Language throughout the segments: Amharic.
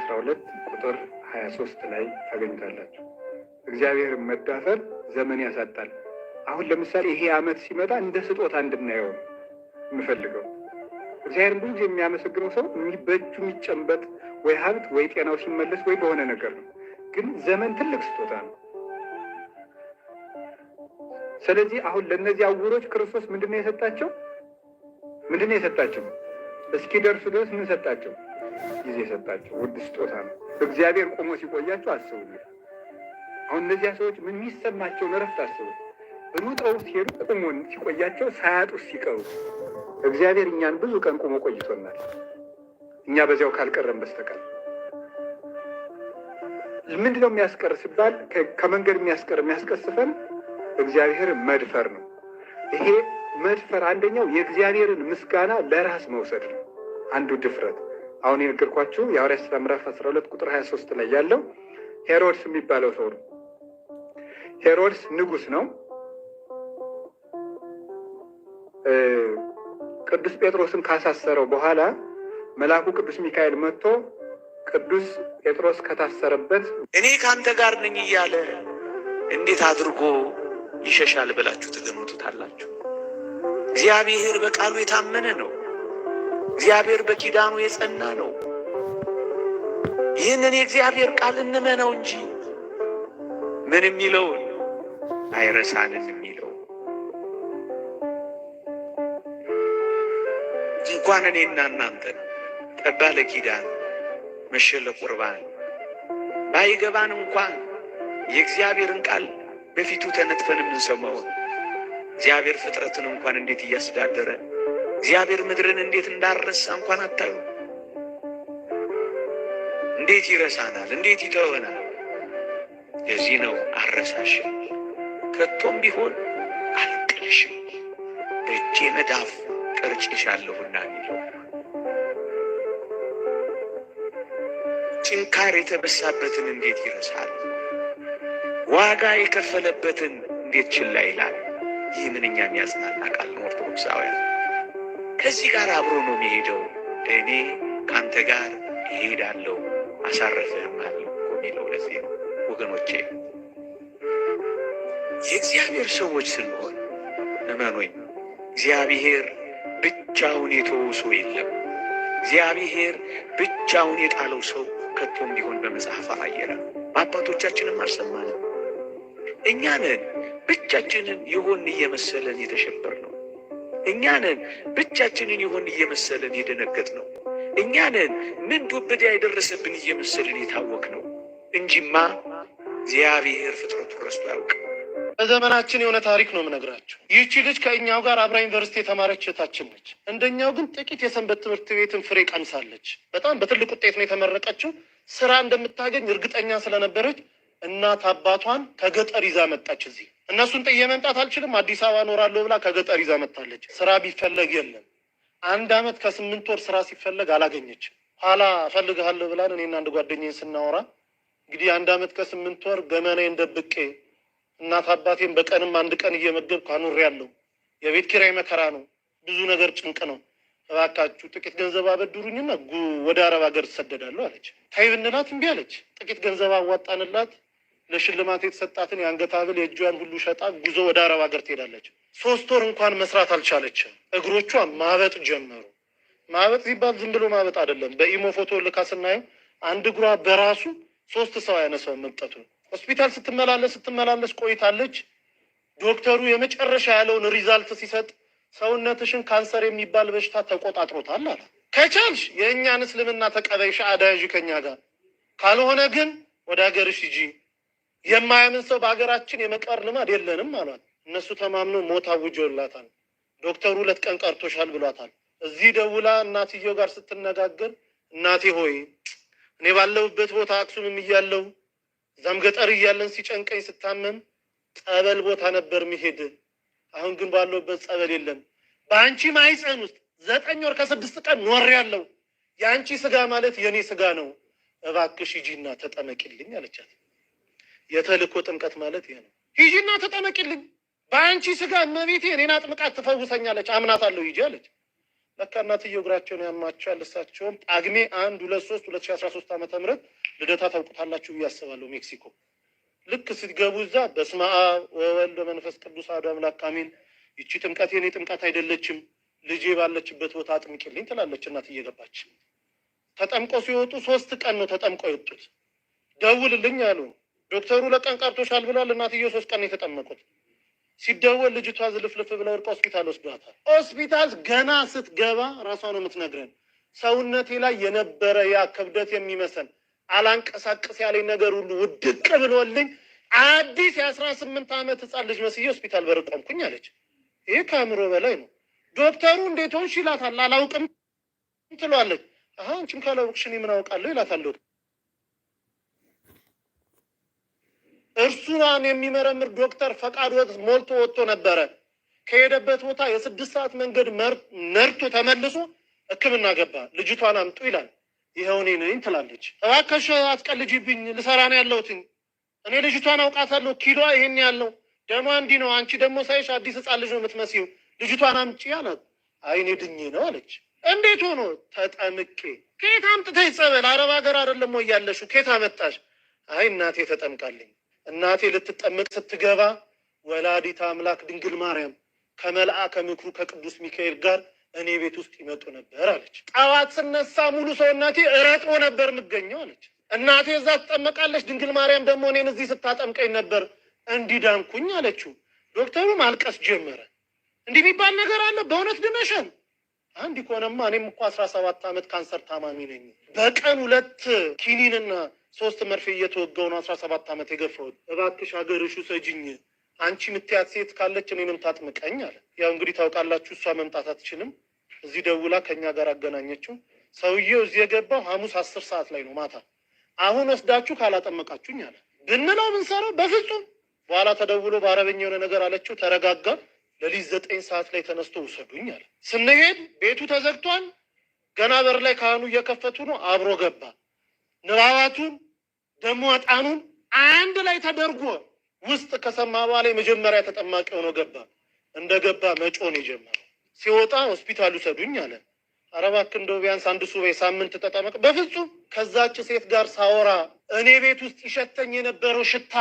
12 ቁጥር 23 ላይ ታገኙታላችሁ። እግዚአብሔር መዳፈር ዘመን ያሳጣል። አሁን ለምሳሌ ይሄ ዓመት ሲመጣ እንደ ስጦታ እንድናየው የምፈልገው እግዚአብሔር ብዙ ጊዜ የሚያመሰግነው ሰው በእጁ የሚጨንበት ወይ ሀብት ወይ ጤናው ሲመለስ ወይ በሆነ ነገር ነው። ግን ዘመን ትልቅ ስጦታ ነው። ስለዚህ አሁን ለእነዚህ አውሮች ክርስቶስ ምንድነው የሰጣቸው? ምንድነው የሰጣቸው? እስኪደርሱ ድረስ ምን ሰጣቸው? ጊዜ ሰጣቸው ውድ ስጦታ ነው። እግዚአብሔር ቆሞ ሲቆያቸው አስቡ። አሁን እነዚያ ሰዎች ምን የሚሰማቸውን እረፍት አስቡ። ሩጠው ሲሄዱ ቁሞን ሲቆያቸው ሳያጡ ሲቀሩ እግዚአብሔር እኛን ብዙ ቀን ቁሞ ቆይቶናል። እኛ በዚያው ካልቀረም በስተቀር ምንድነው የሚያስቀር ሲባል ከመንገድ የሚያስቀር የሚያስቀስፈን እግዚአብሔር መድፈር ነው። ይሄ መድፈር አንደኛው የእግዚአብሔርን ምስጋና ለራስ መውሰድ ነው አንዱ ድፍረት አሁን የነገርኳችሁ የሐዋርያት ስራ ምዕራፍ 12 ቁጥር 23 ላይ ያለው ሄሮድስ የሚባለው ሰው ነው። ሄሮድስ ንጉስ ነው። ቅዱስ ጴጥሮስን ካሳሰረው በኋላ መልአኩ ቅዱስ ሚካኤል መጥቶ ቅዱስ ጴጥሮስ ከታሰረበት እኔ ከአንተ ጋር ነኝ እያለ እንዴት አድርጎ ይሸሻል ብላችሁ ትገምቱታላችሁ? እግዚአብሔር በቃሉ የታመነ ነው። እግዚአብሔር በኪዳኑ የጸና ነው። ይህንን የእግዚአብሔር ቃል እንመነው እንጂ ምን የሚለውን አይረሳንም የሚለው እንኳን እኔና እናንተ ጠባለ ኪዳን መሸ ለቁርባን ባይገባን እንኳን የእግዚአብሔርን ቃል በፊቱ ተነጥፈን የምንሰማውን እግዚአብሔር ፍጥረትን እንኳን እንዴት እያስተዳደረ እግዚአብሔር ምድርን እንዴት እንዳረሳ እንኳን አታዩ። እንዴት ይረሳናል? እንዴት ይተወናል? ለዚህ ነው አረሳሽ ከቶም ቢሆን አልጥልሽም፣ በእጄ መዳፍ ቀርጬሻለሁና የሚለው ጭንካር የተበሳበትን እንዴት ይረሳል? ዋጋ የከፈለበትን እንዴት ችላ ይላል? ይህ ምንኛ የሚያጽናና ቃል ነው ኦርቶዶክሳውያን ከዚህ ጋር አብሮ ነው የሚሄደው። እኔ ከአንተ ጋር እሄዳለሁ አሳረፍህም አለ የሚለው ለዚህ ነው። ወገኖቼ የእግዚአብሔር ሰዎች ስንሆን እመኑኝ፣ እግዚአብሔር ብቻውን የተወው ሰው የለም። እግዚአብሔር ብቻውን የጣለው ሰው ከቶ እንዲሆን በመጽሐፍ አየረ በአባቶቻችንም አልሰማንም። እኛንን ብቻችንን የሆን እየመሰለን የተሸበር እኛ ነን ብቻችንን ይሆን እየመሰለን የደነገጥ ነው። እኛ ነን ምን ዱብዳ የደረሰብን እየመሰለን የታወክ ነው እንጂማ እግዚአብሔር ፍጥረቱ ረስቶ ያውቅ። በዘመናችን የሆነ ታሪክ ነው የምነግራቸው። ይህቺ ልጅ ከእኛው ጋር አብራ ዩኒቨርሲቲ የተማረች እህታችን ነች። እንደኛው ግን ጥቂት የሰንበት ትምህርት ቤትን ፍሬ ቀምሳለች። በጣም በትልቅ ውጤት ነው የተመረቀችው። ስራ እንደምታገኝ እርግጠኛ ስለነበረች እናት አባቷን ከገጠር ይዛ መጣች እዚህ እነሱን ጥዬ መምጣት አልችልም፣ አዲስ አበባ እኖራለሁ ብላ ከገጠር ይዛ መጥታለች። ስራ ቢፈለግ የለም። አንድ አመት ከስምንት ወር ስራ ሲፈለግ አላገኘችም። ኋላ እፈልግሃለሁ ብላን እኔና አንድ ጓደኛዬን ስናወራ እንግዲህ አንድ አመት ከስምንት ወር ገመናዬን ደብቄ እናት አባቴን በቀንም አንድ ቀን እየመገብኩ አኑሬያለሁ። የቤት ኪራይ መከራ ነው፣ ብዙ ነገር ጭንቅ ነው። እባካችሁ ጥቂት ገንዘብ አበድሩኝና ወደ አረብ ሀገር እሰደዳለሁ አለች። ተይ ብንላት እምቢ አለች። ጥቂት ገንዘብ አዋጣንላት። ለሽልማት የተሰጣትን የአንገት ሀብል የእጇን ሁሉ ሸጣ ጉዞ ወደ አረብ ሀገር ትሄዳለች። ሶስት ወር እንኳን መስራት አልቻለችም። እግሮቿ ማበጥ ጀመሩ። ማበጥ ሲባል ዝም ብሎ ማበጥ አይደለም። በኢሞ ፎቶ ልካ ስናየው አንድ እግሯ በራሱ ሶስት ሰው ያነሳው መምጠቱ። ሆስፒታል ስትመላለስ ስትመላለስ ቆይታለች። ዶክተሩ የመጨረሻ ያለውን ሪዛልት ሲሰጥ ሰውነትሽን ካንሰር የሚባል በሽታ ተቆጣጥሮታል አለ። ከቻልሽ የእኛን እስልምና ተቀበይሽ አዳያዥ ከኛ ጋር ካልሆነ ግን ወደ ሀገርሽ ሂጂ የማያምን ሰው በሀገራችን የመቀር ልማድ የለንም አሏል። እነሱ ተማምኖ ሞት አውጆላታል። ዶክተሩ ሁለት ቀን ቀርቶሻል ብሏታል። እዚህ ደውላ እናትየው ጋር ስትነጋገር እናቴ ሆይ እኔ ባለሁበት ቦታ አክሱምም እያለው እዛም ገጠር እያለን ሲጨንቀኝ ስታመም ጸበል ቦታ ነበር ሚሄድ አሁን ግን ባለሁበት ጸበል የለም። በአንቺ ማይፀን ውስጥ ዘጠኝ ወር ከስድስት ቀን ኖር ያለው የአንቺ ስጋ ማለት የእኔ ስጋ ነው። እባክሽ ሂጂና ተጠመቂልኝ አለቻት። የተልእኮ ጥምቀት ማለት ይሄ ነው። ሂጂና ተጠመቂልኝ፣ በአንቺ ስጋ እመቤቴ እኔን አጥምቃት ትፈውሰኛለች፣ አምናታለሁ፣ ሂጂ አለች። ለካ እናትየው እግራቸውን ያማቸዋል። እሳቸውም ጳጉሜ አንድ ሁለት ሶስት ሁለት ሺ አስራ ሶስት ዓመተ ምህረት ልደታ ታውቁታላችሁ ብዬ አስባለሁ ሜክሲኮ። ልክ ስትገቡ እዛ በስመ አብ ወወልድ በመንፈስ ቅዱስ አሐዱ አምላክ አሜን፣ ይቺ ጥምቀት የኔ ጥምቀት አይደለችም፣ ልጄ ባለችበት ቦታ አጥምቂልኝ ትላለች እናት እየገባች። ተጠምቀው ሲወጡ ሶስት ቀን ነው ተጠምቀው የወጡት። ደውልልኝ አሉ ዶክተሩ ለቀን ቀርቶሻል ብሏል። እናትዬ ሶስት ቀን የተጠመቁት ሲደወል ልጅቷ ዝልፍልፍ ብለ እርቅ ሆስፒታል ወስዷታል። ሆስፒታል ገና ስትገባ ራሷ ነው የምትነግረን። ሰውነቴ ላይ የነበረ ያ ክብደት የሚመስል አላንቀሳቀስ ያለኝ ነገር ሁሉ ውድቅ ብሎልኝ አዲስ የአስራ ስምንት ዓመት ህፃን ልጅ መስዬ ሆስፒታል በር ቆምኩኝ አለች። ይህ ከአእምሮ በላይ ነው። ዶክተሩ እንዴት ሆንሽ ይላታል። አላውቅም ትለዋለች። አንቺም ካላውቅሽ እኔ ምን አውቃለሁ ይላታል ዶክተር እርሱን የሚመረምር ዶክተር ፈቃድ ሞልቶ ወጥቶ ነበረ። ከሄደበት ቦታ የስድስት ሰዓት መንገድ ነርቶ ተመልሶ ሕክምና ገባ። ልጅቷን አምጡ ይላል። ይኸው እኔ ነኝ ትላለች። እባክሽ አትቀልጂብኝ፣ ልሰራ ነው ያለሁትኝ። እኔ ልጅቷን አውቃታለሁ። ኪሏ ይሄን ያለው ደሞ እንዲህ ነው። አንቺ ደግሞ ሳይሽ አዲስ ህፃን ልጅ ነው የምትመስይው። ልጅቷን አምጪ አላት። አይኔ ድኜ ነው አለች። እንዴት ሆኖ? ተጠምቄ። ከየት አምጥተሽ ጸበል? አረብ ሀገር አይደለም ወይ ያለሽው? ከየት አመጣሽ? አይ እናቴ ተጠምቃለኝ እናቴ ልትጠመቅ ስትገባ ወላዲት አምላክ ድንግል ማርያም ከመልአ ከምክሩ ከቅዱስ ሚካኤል ጋር እኔ ቤት ውስጥ ይመጡ ነበር አለች። ጠዋት ስነሳ ሙሉ ሰው እናቴ እረጦ ነበር የምገኘው አለች። እናቴ እዛ ትጠመቃለች፣ ድንግል ማርያም ደግሞ እኔን እዚህ ስታጠምቀኝ ነበር እንዲዳንኩኝ አለችው። ዶክተሩ ማልቀስ ጀመረ። እንዲህ የሚባል ነገር አለ በእውነት ድነሸን አንድ ኮነማ እኔም እኮ አስራ ሰባት ዓመት ካንሰር ታማሚ ነኝ። በቀን ሁለት ኪኒንና ሶስት መርፌ እየተወጋው ነው አስራ ሰባት ዓመት የገፋሁት። እባክሽ ሀገርሽ ውሰጂኝ አንቺ ምትያት ሴት ካለች እኔንም ታጥምቀኝ አለ። ያው እንግዲህ ታውቃላችሁ፣ እሷ መምጣት አትችልም። እዚህ ደውላ ከኛ ጋር አገናኘችው። ሰውዬው እዚህ የገባው ሐሙስ አስር ሰዓት ላይ ነው ማታ። አሁን ወስዳችሁ ካላጠመቃችሁኝ አለ ብንለው ብንሰራው በፍጹም በኋላ ተደውሎ በአረበኛ የሆነ ነገር አለችው። ተረጋጋ። ለሊት ዘጠኝ ሰዓት ላይ ተነስቶ ውሰዱኝ አለ። ስንሄድ ቤቱ ተዘግቷል። ገና በር ላይ ካህኑ እየከፈቱ ነው። አብሮ ገባ። ንባባቱን ደግሞ ዕጣኑን አንድ ላይ ተደርጎ ውስጥ ከሰማ በኋላ የመጀመሪያ ተጠማቂ ሆኖ ገባ። እንደ ገባ መጮን የጀመረው ሲወጣ ሆስፒታል ውሰዱኝ አለ። ኧረ እባክህ እንደው ቢያንስ አንድ ሱባኤ ሳምንት ተጠመቅ። በፍጹም ከዛች ሴት ጋር ሳወራ እኔ ቤት ውስጥ ይሸተኝ የነበረው ሽታ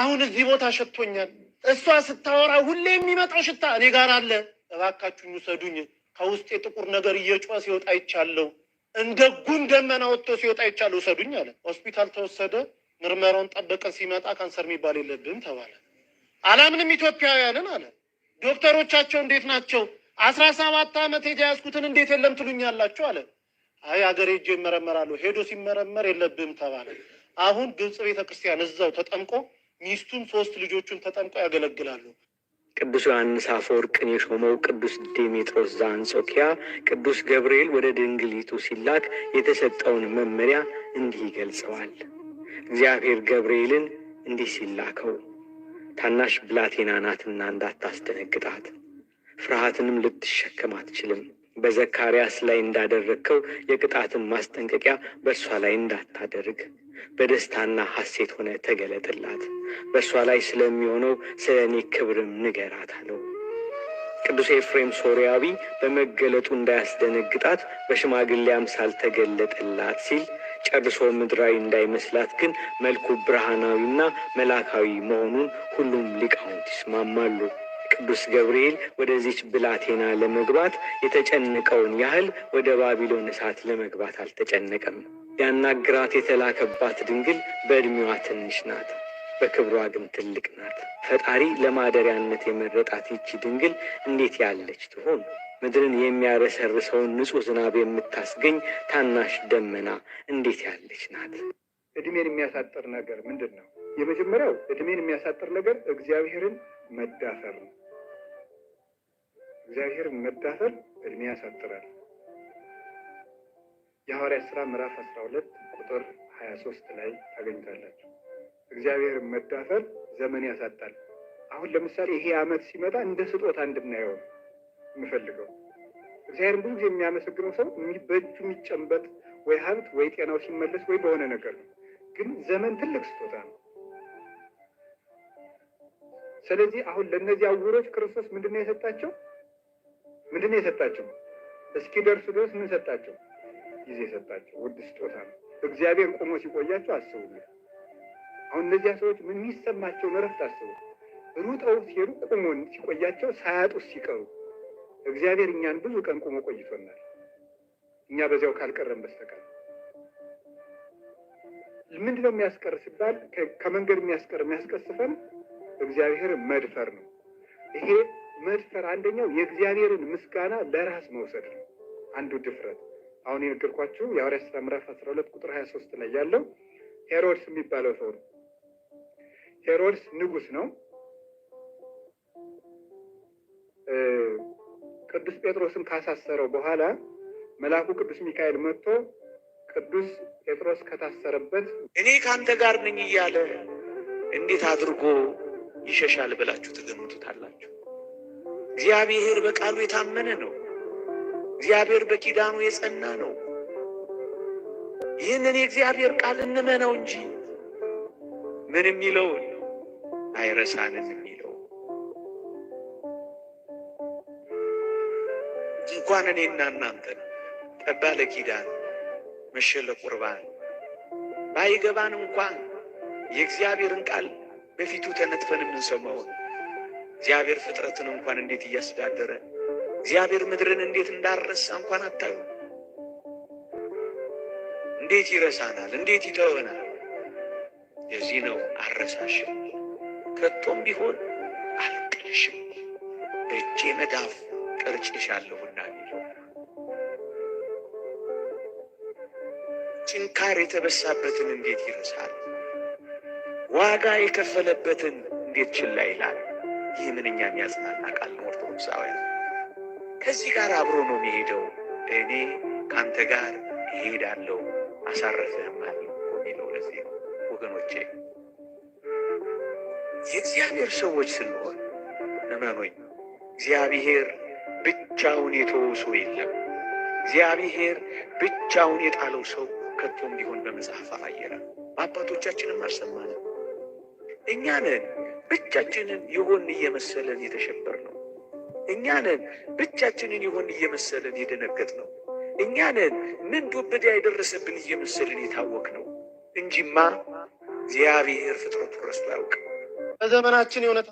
አሁን እዚህ ቦታ ሸቶኛል። እሷ ስታወራ ሁሌ የሚመጣው ሽታ እኔ ጋር አለ። እባካችሁኝ ውሰዱኝ፣ ከውስጥ የጥቁር ነገር እየጮኸ ሲወጣ ይቻለው። እንደ ጉም ደመና ወጥቶ ሲወጣ ይቻል ውሰዱኝ አለ። ሆስፒታል ተወሰደ። ምርመራውን ጠበቀን። ሲመጣ ካንሰር የሚባል የለብህም ተባለ። አላምንም ኢትዮጵያውያንን አለ። ዶክተሮቻቸው እንዴት ናቸው? አስራ ሰባት ዓመት የተያዝኩትን እንዴት የለም ትሉኛላችሁ አለ። አይ አገሬ ሄጄ ይመረመራሉ። ሄዶ ሲመረመር የለብህም ተባለ። አሁን ግብፅ ቤተክርስቲያን እዛው ተጠምቆ ሚስቱን ሶስት ልጆቹን ተጠምቆ ያገለግላሉ። ቅዱስ ዮሐንስ አፈወርቅን የሾመው ቅዱስ ዴሜጥሮስ ዘአንጾኪያ ቅዱስ ገብርኤል ወደ ድንግሊቱ ሲላክ የተሰጠውን መመሪያ እንዲህ ይገልጸዋል። እግዚአብሔር ገብርኤልን እንዲህ ሲላከው ታናሽ ብላቴና ናትና እንዳታስደነግጣት፣ ፍርሃትንም ልትሸከም አትችልም በዘካርያስ ላይ እንዳደረግከው የቅጣትን ማስጠንቀቂያ በእርሷ ላይ እንዳታደርግ በደስታና ሐሴት ሆነ ተገለጥላት፣ በእርሷ ላይ ስለሚሆነው ስለ እኔ ክብርም ንገራት አለው። ቅዱስ ኤፍሬም ሶርያዊ በመገለጡ እንዳያስደነግጣት በሽማግሌ አምሳል ተገለጠላት ሲል ጨርሶ ምድራዊ እንዳይመስላት ግን መልኩ ብርሃናዊና መላካዊ መሆኑን ሁሉም ሊቃውንት ይስማማሉ። ቅዱስ ገብርኤል ወደዚች ብላቴና ለመግባት የተጨነቀውን ያህል ወደ ባቢሎን እሳት ለመግባት አልተጨነቀም። ያናግራት የተላከባት ድንግል በዕድሜዋ ትንሽ ናት፣ በክብሯ ግን ትልቅ ናት። ፈጣሪ ለማደሪያነት የመረጣት ይቺ ድንግል እንዴት ያለች ትሆን? ምድርን የሚያረሰርሰውን ንጹሕ ዝናብ የምታስገኝ ታናሽ ደመና እንዴት ያለች ናት? ዕድሜን የሚያሳጥር ነገር ምንድን ነው? የመጀመሪያው ዕድሜን የሚያሳጥር ነገር እግዚአብሔርን መዳፈር ነው። እግዚአብሔር መዳፈር እድሜ ያሳጥራል። የሐዋርያት ሥራ ምዕራፍ 12 ቁጥር 23 ላይ ታገኝታላችሁ። እግዚአብሔር መዳፈር ዘመን ያሳጣል። አሁን ለምሳሌ ይሄ ዓመት ሲመጣ እንደ ስጦታ እንድናየው የምፈልገው እግዚአብሔር ብዙ ጊዜ የሚያመሰግነው ሰው በእጁ የሚጨንበጥ ወይ ሀብት ወይ ጤናው ሲመለስ ወይ በሆነ ነገር ነው። ግን ዘመን ትልቅ ስጦታ ነው። ስለዚህ አሁን ለእነዚህ አውሮች ክርስቶስ ምንድን ነው የሰጣቸው? ምንድን ነው የሰጣቸው? እስኪደርሱ ድረስ ምን ሰጣቸው? ጊዜ ሰጣቸው። ውድ ስጦታ ነው። እግዚአብሔር ቆሞ ሲቆያቸው አስቡ። አሁን እነዚያ ሰዎች ምን የሚሰማቸውን እረፍት አስቡ። ሩጠው ሲሄዱ ቆሞ ሲቆያቸው ሳያጡ ሲቀሩ እግዚአብሔር እኛን ብዙ ቀን ቆሞ ቆይቶናል። እኛ በዚያው ካልቀረም በስተቀር ምንድን ነው የሚያስቀር ሲባል ከመንገድ የሚያስቀር የሚያስቀስፈን እግዚአብሔር መድፈር ነው ይሄ መድፈር አንደኛው የእግዚአብሔርን ምስጋና ለራስ መውሰድ ነው። አንዱ ድፍረት አሁን የነገርኳችሁ የሐዋርያት ሥራ ምዕራፍ 12 ቁጥር 23 ላይ ያለው ሄሮድስ የሚባለው ሰው ነው። ሄሮድስ ንጉስ ነው። ቅዱስ ጴጥሮስን ካሳሰረው በኋላ መልአኩ ቅዱስ ሚካኤል መጥቶ ቅዱስ ጴጥሮስ ከታሰረበት እኔ ከአንተ ጋር ነኝ እያለ እንዴት አድርጎ ይሸሻል ብላችሁ ትገምቱታላችሁ? እግዚአብሔር በቃሉ የታመነ ነው። እግዚአብሔር በኪዳኑ የጸና ነው። ይህንን የእግዚአብሔር ቃል እንመነው እንጂ ምን የሚለውን አይረሳንም የሚለው እንኳን እኔና እናንተን ጠባለ ኪዳን መሸ ለቁርባን ባይገባን እንኳን የእግዚአብሔርን ቃል በፊቱ ተነጥፈን የምንሰማውን እግዚአብሔር ፍጥረትን እንኳን እንዴት እያስተዳደረ እግዚአብሔር ምድርን እንዴት እንዳረሳ እንኳን አታዩ። እንዴት ይረሳናል? እንዴት ይተወናል? የዚህ ነው አረሳሽ ከቶም ቢሆን አልጥልሽም፣ እጄ መዳፍ ቀርጬሻለሁና ጭንካር የተበሳበትን እንዴት ይረሳል? ዋጋ የከፈለበትን እንዴት ችላ ይላል? ይህ ምንኛ የሚያጽናና ቃል ነው። ኦርቶዶክሳውያን ከዚህ ጋር አብሮ ነው የሚሄደው። እኔ ከአንተ ጋር እሄዳለሁ አሳረፍህም አለ የሚለው ለዚህ ነው። ወገኖቼ የእግዚአብሔር ሰዎች ስንሆን እመኖኝ እግዚአብሔር ብቻውን የተወው ሰው የለም። እግዚአብሔር ብቻውን የጣለው ሰው ከቶም ቢሆን በመጽሐፍ አየረ አባቶቻችንም አልሰማንም እኛ ነን ብቻችንን የሆን እየመሰለን የተሸበር ነው። እኛ ነን ብቻችንን የሆን እየመሰለን የደነገጥ ነው። እኛ ነን ምን ዱብዳ የደረሰብን እየመሰልን የታወክ ነው እንጂማ እግዚአብሔር ፍጥረቱ ረስቶ ያውቅ በዘመናችን የሆነ